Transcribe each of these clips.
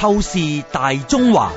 透視大中華。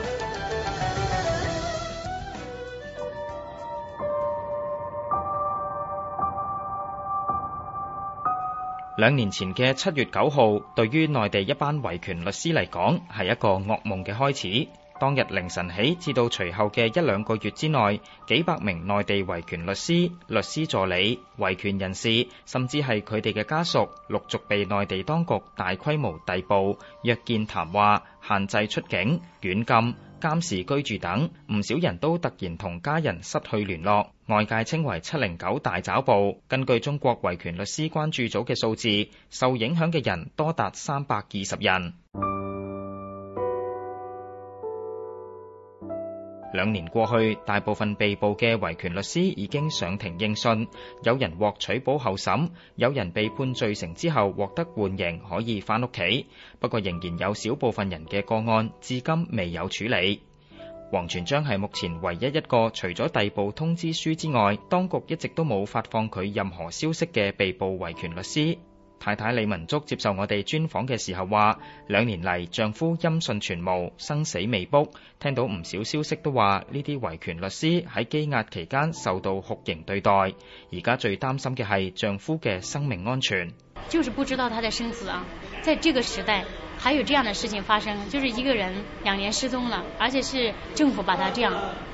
兩年前嘅七月九號，對於內地一班維權律師嚟講，係一個噩夢嘅開始。當日凌晨起至到隨後嘅一兩個月之內，幾百名內地維權律師、律師助理、維權人士，甚至係佢哋嘅家屬，陸續被內地當局大規模逮捕、約見談話、限制出境、軟禁、監視居住等，唔少人都突然同家人失去聯絡，外界稱為七零九大抓捕。根據中國維權律師關注組嘅數字，受影響嘅人多達三百二十人。兩年過去，大部分被捕嘅維權律師已經上庭應訊，有人獲取保候審，有人被判罪成之後獲得緩刑，可以翻屋企。不過，仍然有少部分人嘅個案至今未有處理。王全璋係目前唯一一個除咗逮捕通知書之外，當局一直都冇發放佢任何消息嘅被捕維權律師。太太李文竹接受我哋專訪嘅時候話：兩年嚟丈夫音訊全無，生死未卜。聽到唔少消息都話呢啲維權律師喺羈押期間受到酷刑對待。而家最擔心嘅係丈夫嘅生命安全。就是不知道他的生死啊！在這個時代，還有這樣的事情發生，就是一個人兩年失蹤了，而且是政府把他這樣。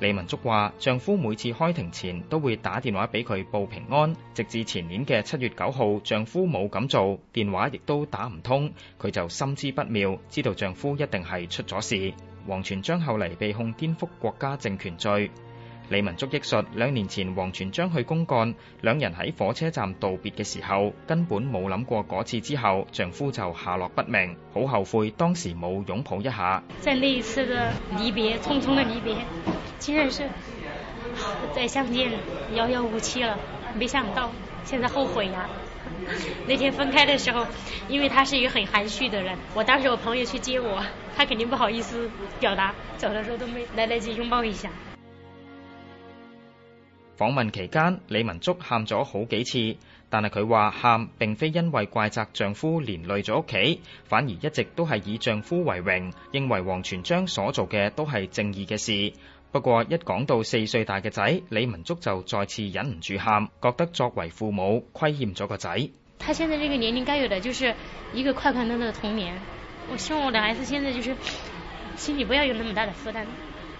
李文竹話：丈夫每次開庭前都會打電話俾佢報平安，直至前年嘅七月九號，丈夫冇咁做，電話亦都打唔通，佢就心知不妙，知道丈夫一定係出咗事。王全璋後嚟被控顛覆國家政權罪。李文竹憶述：兩年前王全璋去公幹，兩人喺火車站道別嘅時候，根本冇諗過嗰次之後，丈夫就下落不明，好後悔當時冇擁抱一下。在那一次的離別，匆匆的離別，竟然是再相見遙遙無期了，沒想到現在後悔呀。 那天分開的時候，因為他是一個很含蓄的人，我當時我朋友去接我，他肯定不好意思表達，走的時候都沒來得及擁抱一下。訪問期間，李文竹喊咗好幾次，但係佢話喊並非因為怪責丈夫連累咗屋企，反而一直都係以丈夫為榮，認為王全璋所做嘅都係正義嘅事。不過一講到四歲大嘅仔，李文竹就再次忍唔住喊，覺得作為父母虧欠咗個仔。他現在這個年齡該有的就是一個快快樂樂的童年，我希望我的孩子現在就是心裏不要有那麼大的負擔。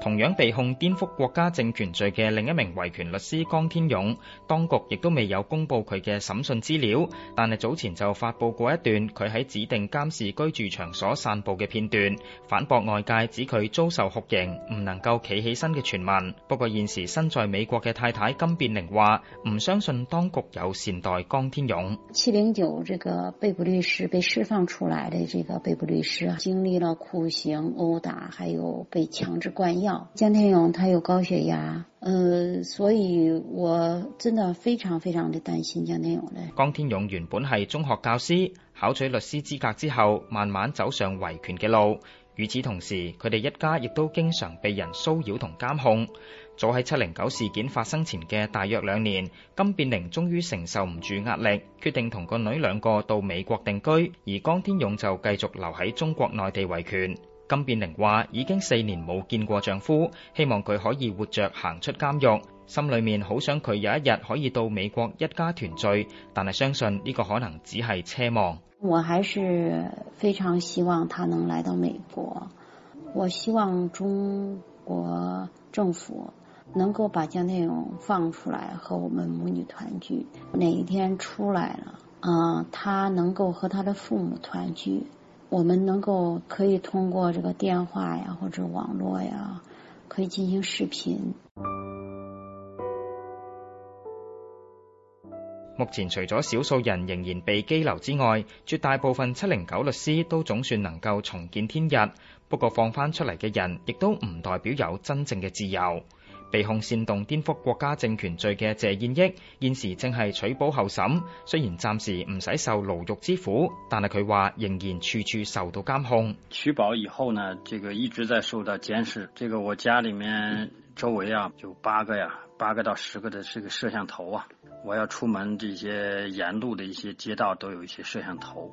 同樣被控顛覆國家政權罪嘅另一名維權律師江天勇，當局亦都未有公布佢嘅審訊資料，但係早前就發布過一段佢喺指定監視居住場所散步嘅片段，反駁外界指佢遭受酷刑，唔能夠企起身嘅傳聞。不過現時身在美國嘅太太金變玲話唔相信當局有善待江天勇。七零九，這個被捕律師被釋放出來嘅這個被捕律師，經歷了酷刑、毆打、還有被強制灌藥。江天勇他有高血壓，呃，所以我真的非常非常的擔心江天勇呢。江天勇原本係中學教師，考取律師資格之後，慢慢走上維權嘅路。與此同時，佢哋一家亦都經常被人騷擾同監控。早喺七零九事件發生前嘅大約兩年，金變玲終於承受唔住壓力，決定同個女兩個到美國定居，而江天勇就繼續留喺中國內地維權。金變玲話：已經四年冇見過丈夫，希望佢可以活着行出監獄，心裏面好想佢有一日可以到美國一家團聚，但係相信呢個可能只係奢望。我還是非常希望他能來到美國，我希望中國政府能夠把江天勇放出來和我們母女團聚，哪一天出來了，嗯，他能夠和他的父母團聚。我們能夠可以通過這個電話呀，或者網絡呀，可以進行視頻。目前除咗少數人仍然被羈留之外，絕大部分七零九律師都總算能夠重見天日。不過放翻出嚟嘅人，亦都唔代表有真正嘅自由。被控煽動顛覆國家政權罪嘅謝燕益，現時正係取保候審，雖然暫時唔使受牢獄之苦，但係佢話仍然處處受到監控。取保以後呢，這個一直在受到監視，這個我家裏面周圍啊，有八個呀、啊，八個到十個的這個攝像頭啊，我要出門，這些沿路的一些街道都有一些攝像頭。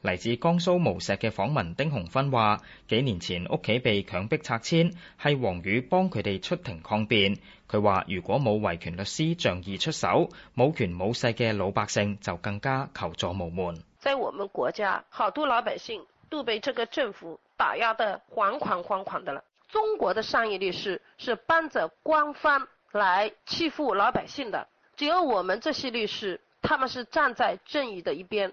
嚟自江蘇無錫嘅訪民丁洪芬話：幾年前屋企被強迫拆遷，係王宇幫佢哋出庭抗辯。佢話如果冇維權律師仗義出手，冇權冇勢嘅老百姓就更加求助無門。在我們國家，好多老百姓都被這個政府打壓得惶惶惶惶的了。中國的商業律師是幫着官方來欺負老百姓的，只有我們這些律師，他們是站在正義的一邊。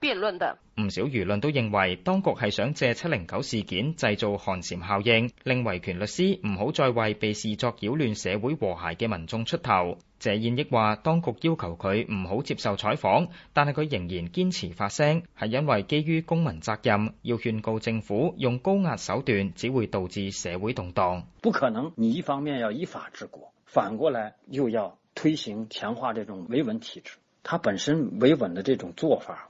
辯論的。唔少輿論都認為當局係想借七零九事件製造寒蟬效應，令維權律師唔好再為被視作擾亂社會和諧嘅民眾出頭。謝燕益話，當局要求佢唔好接受採訪，但係佢仍然堅持發聲，係因為基於公民責任，要勸告政府用高壓手段只會導致社會動蕩。不可能，你一方面要依法治國，反過來又要推行強化這種維穩體制，他本身維穩的這種做法。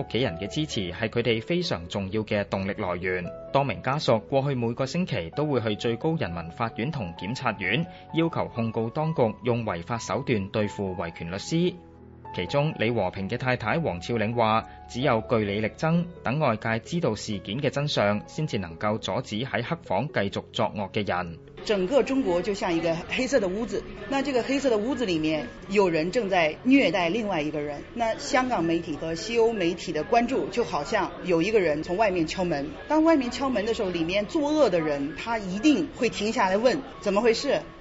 屋企人嘅支持係佢哋非常重要嘅動力來源。多名家屬過去每個星期都會去最高人民法院同檢察院，要求控告當局用違法手段對付維權律師。其中李和平嘅太太王峭嶺話：只有據理力爭，等外界知道事件嘅真相，先至能夠阻止喺黑房繼續作惡嘅人。整個中國就像一個黑色的屋子，那這個黑色的屋子裏面有人正在虐待另外一個人。那香港媒體和西歐媒體的關注，就好像有一個人從外面敲門。當外面敲門的時候，裏面作惡的人，他一定會停下來問：怎麼回事？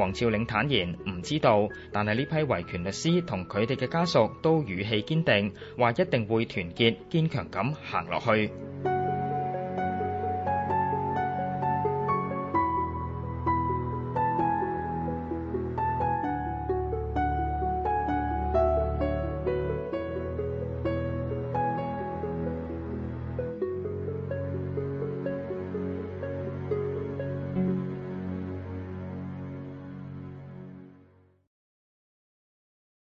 黃兆領坦言唔知道，但係呢批維權律師同佢哋嘅家屬都語氣堅定，話一定會團結堅強咁行落去。